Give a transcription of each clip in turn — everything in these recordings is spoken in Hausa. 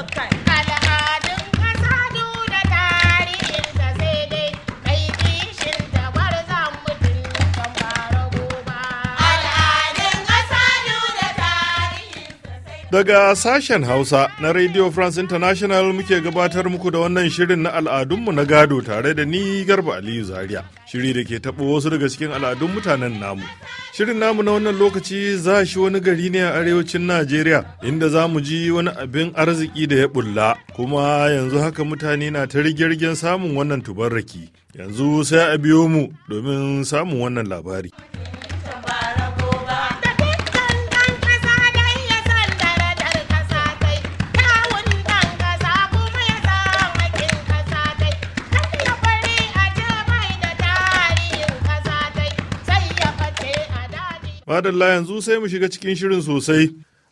subscribe. Daga sashen Hausa na Radio France International muke gabatar muku da wannan shirin na al'adunmu na gado tare da ni Garba Aliyu Zaria. Shiri da ke taɓo wasu daga cikin al'adun mutanen namu. Shirin namu na wannan lokaci za shi wani gari ne a arewacin Najeriya inda za mu ji wani abin arziki da ya bulla kuma yanzu haka mutane na ta rigirgin samun wannan tubarraki. Yanzu sai a biyo mu domin samun wannan labari. Madalla yanzu sai mu shiga cikin shirin sosai.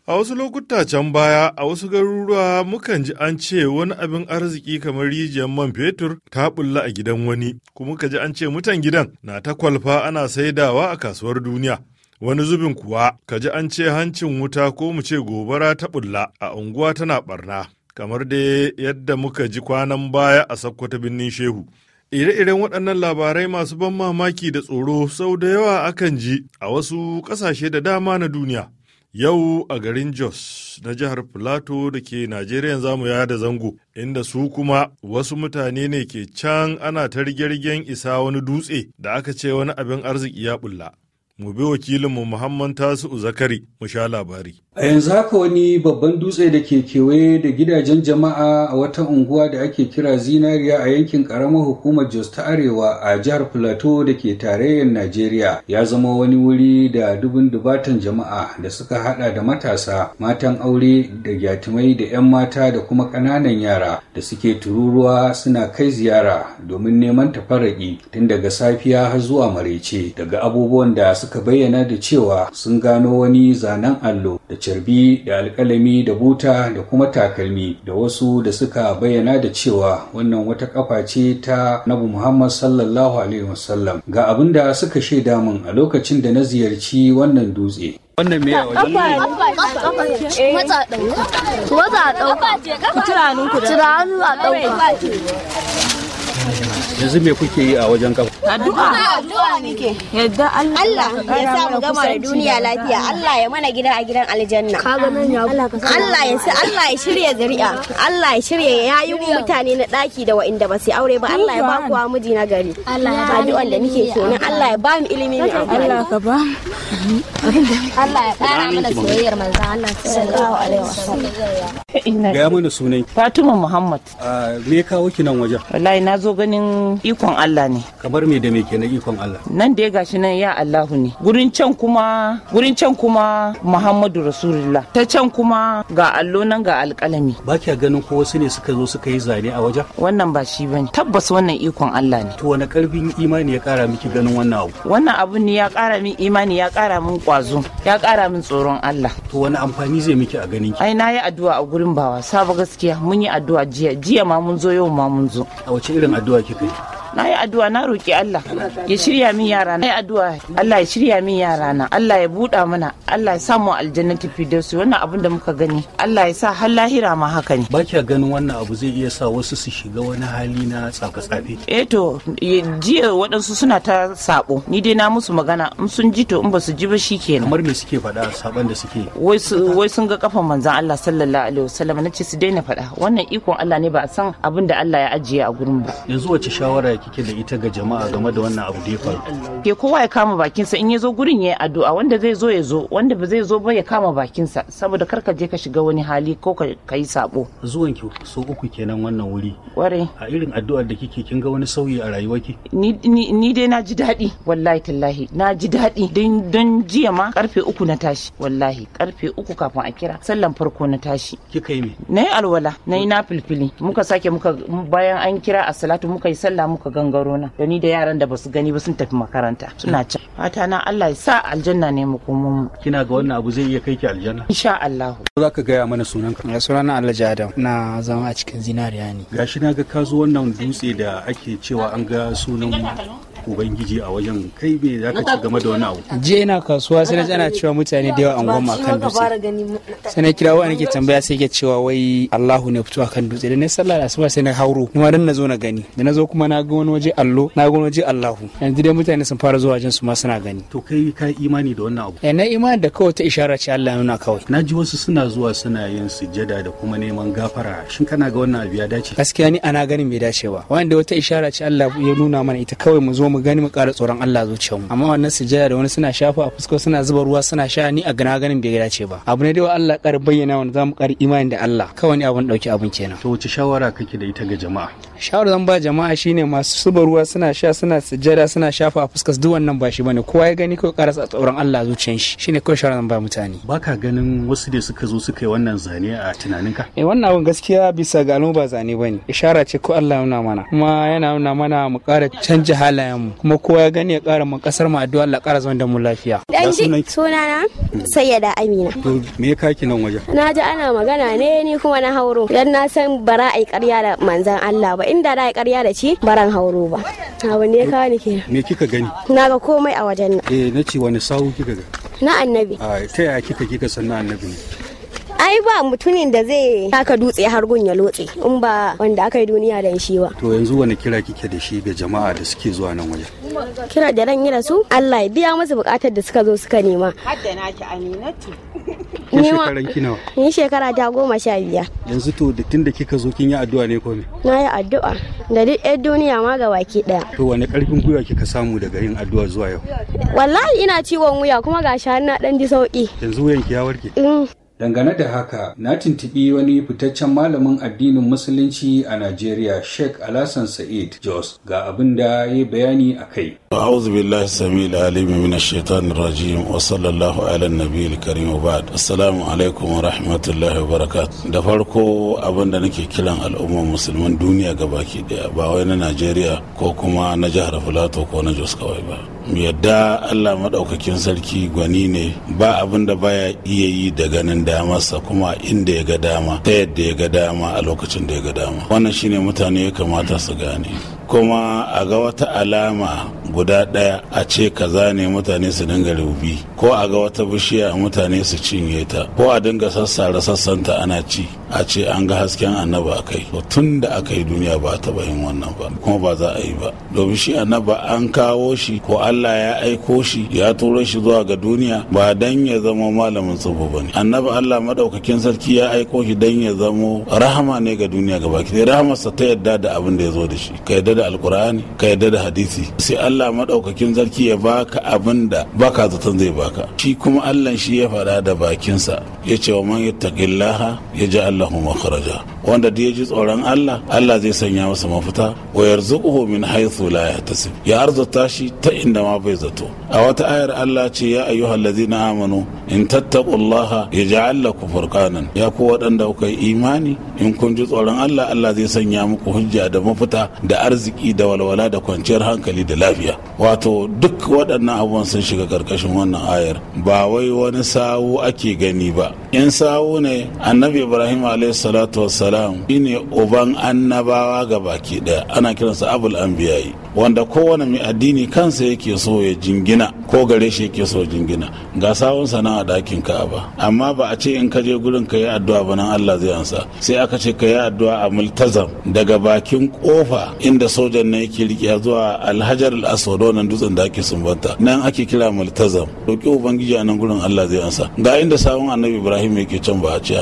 A wasu lokuta can baya a wasu garuruwa mukan ji an ce wani abin arziki kamar rijiyar man fetur ta bulla a gidan wani, kuma ka ji an ce mutan gidan na ta kwalfa ana saidawa a kasuwar duniya. Wani zubin kuwa ka ji an ce hancin wuta ko mu ce gobara ta bulla a unguwa tana barna, kamar da yadda muka ji kwanan baya a Sokoto birnin Shehu. Ire-iren waɗannan labarai masu ban mamaki da tsoro sau da yawa akan ji a wasu ƙasashe da dama na duniya. Yau a garin Jos na jihar Filato da ke Najeriya zamu ya da zango, inda su kuma wasu mutane ne ke can ana ta isa wani dutse da aka ce wani abin arziki ya bulla. mu bi wakilinmu Muhammad Tasi'u Zakari mu sha labari. A yanzu haka wani babban dutse da ke kewaye da gidajen jama'a a wata unguwa da ake kira Zinariya a yankin karamar hukumar Jos ta Arewa a jihar Plateau da ke tarayyar Najeriya ya zama wani wuri da dubun dubatan jama'a da suka hada da matasa, matan aure da gyatumai da 'yan mata da kuma ƙananan yara da suke tururuwa suna kai ziyara domin neman tafaraki tun daga safiya har zuwa maraice daga abubuwan da suka suka bayyana da cewa sun gano wani zanen allo da carbi da alkalami da buta da kuma takalmi da wasu da suka bayyana da cewa wannan wata kafa ce ta nabu muhammad sallallahu alaihi wasallam ga abin da suka shaida min a lokacin da na ziyarci wannan dutse wannan me yawa matsa ɗauka matsa ɗauka eh. ku tura ku tura hannu a ɗauka yanzu me kuke yi a wajen kafa addu'a addu'a nake yadda Allah ya sa mu gama da duniya lafiya Allah ya mana gida a gidan aljanna Allah ya sa Allah ya shirya zuri'a Allah ya shirya yayi mu mutane na daki da wa'inda ba su aure ba Allah ya ba ku miji na gari Allah ya addu'an da muke ne Allah ya ba mu ilimi ne Allah ka ba Allah ya kara mana soyayyar manzo Allah sallallahu alaihi wasallam ga mana sunan Fatima Muhammad me kawo ki nan wajen wallahi na zo ganin ikon Allah ne kamar me da me kenan ikon Allah nan da ya gashi nan ya Allahu ne gurin can kuma gurin can kuma Muhammadu Rasulullah ta can kuma ga allo nan ga alƙalami ba kya ganin ko wasu ne suka zo suka yi zane a wajen wannan ba shi bane tabbas wannan ikon Allah ne to wani karfin imani ya kara miki ganin wannan abu wannan abu ne ya kara min imani ya kara min kwazo ya kara min tsoron Allah to wani amfani zai miki a ganin ki ai na yi addu'a a gurin bawa saba gaskiya mun yi addu'a jiya jiya ma mun zo yau ma mun zo a wace irin addu'a kika yi na yi addu'a na roki Allah ya shirya min yara na yi addu'a Allah ya shirya min yara na Allah ya buɗa mana Allah ya sa samu aljannati firdausi wannan abin da muka gani Allah ya sa har lahira ma haka ne ba kya ganin wannan abu zai iya sa wasu su shiga wani hali na tsafe tsabe eh to jiya waɗansu suna ta sabo ni dai na musu magana in sun ji to in ba su ji ba shikenan kamar me suke faɗa saban da suke wai sun ga kafan manzon Allah sallallahu alaihi wasallam ce su daina faɗa wannan ikon Allah ne ba a san abin da Allah ya ajiye a gurin ba yanzu wace shawara kike da ita ga jama'a game da wannan abu da ya faru ke kowa ya kama bakinsa in ya zo gurin ya yi addu'a wanda zai zo ya zo wanda ba zai zo ba ya kama bakinsa saboda kar ka je ka shiga wani hali ko ka yi sabo zuwan ki so uku kenan wannan wuri ware a irin addu'ar da kike kin ga wani sauyi a ki ni dai na ji daɗi wallahi tallahi na ji daɗi don jiya ma karfe uku na tashi wallahi karfe uku kafin a kira sallan farko na tashi kika yi me na yi alwala na yi na filfili muka sake muka bayan an kira a salatu muka yi sallah muka ka gangaro nan da ni da yaran da basu gani ba sun tafi makaranta suna can fata na Allah ya sa aljanna ne mu kuma mu kina ga wannan abu zai iya kai ki aljanna insha Allah za ka gaya mana sunan ka ya sunana Alhaji Adam na zama a cikin zinariya ne gashi na ga ka zo wannan dutse da ake cewa an ga sunan mu. ubangiji a wajen kai me za ka ci game da wani abu Jiya ina kasuwa sai na ana cewa mutane da yawa an goma kan dutse sai na kira wani ke tambaya sai ke cewa wai Allahu ne fito kan dutse da na sallah da asuba sai na hauro ni ma dan na zo na gani da na zo kuma na ga wani waje allo na ga wani waje Allahu yanzu dai mutane sun fara zuwa wajen su ma suna gani to kai ka imani da wannan abu eh, na imani da kawai ta ishara ce Allah ya nuna kawai na ji wasu suna zuwa suna yin sujada da kuma neman gafara shin kana ga wannan abu ya dace gaskiya ni ana ganin bai dace ba wanda wata ishara ce Allah ya nuna mana ita kawai mu zo mu mu gani mu ƙara tsoron Allah zuciyarmu amma wannan sujada da wani suna shafa a fuska suna zuba ruwa suna sha ni a gana ganin bai dace ba abu ne da wa Allah ƙara bayyana wani zamu ƙara imani da Allah kawai abun dauki abun kenan to wace shawara kake da ita ga jama'a shawara zan ba jama'a shine masu zuba ruwa suna sha suna sujada suna shafa a fuska duk wannan ba shi bane kowa ya gani kawai ƙara tsoron Allah zuciyar shi shine kawai shawara zan ba mutane baka ganin wasu da suka zo suka yi wannan zane a tunaninka eh wannan abun gaskiya bisa ga ba zane bane ishara ce ko Allah ya nuna mana kuma yana nuna mana mu ƙara canja halayen mu kuma kowa ya gani ya ƙara mu kasar mu addu'a Allah ƙara zaman da mu lafiya dan ji sunana sayyada amina to me ka ki nan waje na ji ana magana ne ni kuma na hauro dan na san bara ai ƙarya da manzan Allah ba inda da ai ƙarya da shi baran hauro ba abu ne ka ni kenan me kika gani na ga komai a wajen nan eh nace wani sawu kika ga na annabi a ta yaya kika kika san na annabi ne ai ba mutumin da zai taka dutse har gun ya lotse in ba wanda aka yi duniya da shi ba to yanzu wani kira kike da shi ga jama'a da suke zuwa nan waje? kira da ran yi da su Allah ya biya musu bukatar da suka zo suka nema hadda naki aminatu ni shekaran ki nawa ni shekara ta goma sha biyar yanzu to da tunda kika zo kin yi addu'a ne ko me na yi addu'a da duk yan duniya ma ga baki daya to wani karfin gwiwa kika samu daga yin addu'a zuwa yau wallahi ina ciwon wuya kuma ga har na dan ji sauki yanzu wuyan ki ya warke mm. Dangane da haka, na tuntuɓi wani fitaccen malamin addinin Musulunci a Najeriya, Sheikh Alasan Sa'id Jos, ga abin da ya bayani a kai. min ash-shaytanir rajim wa sallallahu ala an-nabiyil karim wa ba'd assalamu alaikum wa rahmatullahi wa وبركاته da farko abin da nake kiran al'ummar musulman duniya gabaki daya ba wai na Najeriya ko kuma na jihar Filato ko na Jos kawai ba yadda allah maɗaukakin sarki gwani ne ba abin da baya iya yi da ganin damarsa kuma inda ya ga dama ta yadda ya ga dama a lokacin da ya ga dama wannan shine mutane ya kamata su gane kuma a ga wata alama guda ɗaya a ce kaza ne mutane su dinga rubi ko a ga wata bishiya mutane su cinye ta ko a dinga sassara sassanta ana ci a ce an ga hasken annaba a kai tun da aka yi duniya ba ta yin wannan ba kuma ba za a yi ba domin shi annaba an kawo shi ko Allah ya aiko shi ya turo shi zuwa ga duniya ba dan ya zama malamin tsubu ba ne annaba Allah maɗaukakin sarki ya aiko shi dan ya zamo rahama ne ga duniya gaba ki rahamarsa ta yadda da abin da ya zo da shi ka yadda da alkur'ani ka yadda da hadisi sai Allah Allah maɗaukakin zarki ya baka abin da baka zaton zai baka shi kuma Allah shi ya faɗa da bakinsa ya ce wa man yattaqillaha yaj'al lahu makhraja wanda da ya ji tsoron Allah Allah zai sanya masa mafita wa yarzuquhu min haythu la yahtasib ya arzuta shi ta inda ma bai zato a wata ayar Allah ce ya ayyuhallazina amanu in tattaqullaha allah ku furkanan ya ku waɗanda kuka yi imani in kun ji tsoron Allah Allah zai sanya muku hujja da mafita da arziki da walwala da kwanciyar hankali da lafiya wato duk waɗannan abubuwan sun shiga karkashin wannan ayar ba wai wani sawu ake gani ba in sawu ne annabi Ibrahim alayhi salatu wassalam shine uban annabawa ga baki ɗaya ana kiransa abul anbiyayi wanda kowane mai addini kansa yake so ya jingina ko gare shi yake so jingina ga sawun sana'a nan a ɗakin ba amma ba a ce in ka je gurin ka yi addu'a ba nan Allah zai ansa sai aka ce ka yi addu'a a multazam daga bakin kofa inda sojan na yake riƙe zuwa alhajar al-aswad wannan dutsen da ake sumbanta nan ake kira multazam roƙi ubangiji a nan gurin Allah zai ansa ga inda sawun annabi Ibrahim yake can ba a ce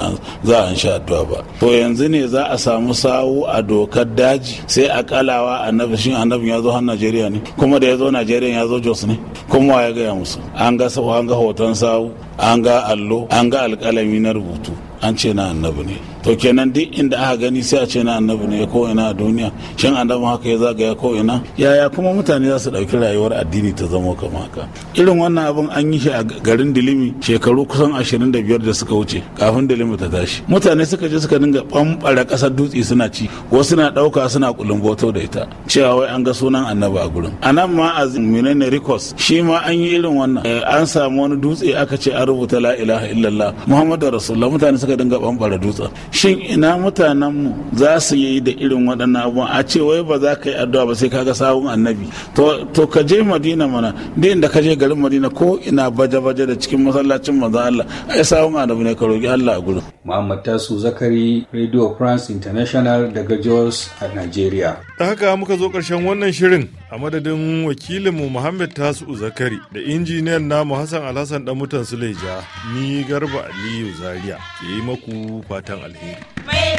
za a sha addu'a ba to yanzu ne za a samu sawu a dokar daji sai a kalawa annabi shin annabin ya zo har Najeriya ne kuma da ya zo Najeriya ya zo Jos ne kuma ya gaya musu an ga an ga hoton sawu an ga allo an ga alƙalami na rubutu an ce na annabi ne to kenan duk inda aka gani sai a ce na annabi ne ko ina a duniya shin annabi haka ya zagaya ko ina yaya kuma mutane za su ɗauki rayuwar addini ta zama kamar haka irin wannan abin an yi shi a garin dilimi shekaru kusan ashirin da biyar da suka wuce kafin dilimi ta tashi mutane suka je suka dinga bambara kasar dutse suna ci wasu na ɗauka suna kulumboto da ita cewa wai an ga sunan annabi a gurin a nan ma a menene rikos shi ma an yi irin wannan eh, an samu wani dutse aka ce an rubuta la ilaha illallah muhammadu rasulullah mutane suka dinga bambara dutsen shin ina mutanenmu za su yi da irin waɗannan abubuwan a ce wai ba za ka yi addu'a ba sai kaga sabon annabi to ka je madina mana da da ka je garin madina ko ina baje-baje da cikin masallacin maza Allah ai sabon annabi ne ka roki Allah a gudu. Muhammad Tasu Zakari Radio France International daga Jos a Nigeria ta haka muka zo karshen wannan shirin a madadin wakilinmu Muhammad Tasu Zakari da injiniyan namu Hassan Alhassan dan mutan Suleja ni Garba Aliyu Zaria ke yi maku fatan alheri 没。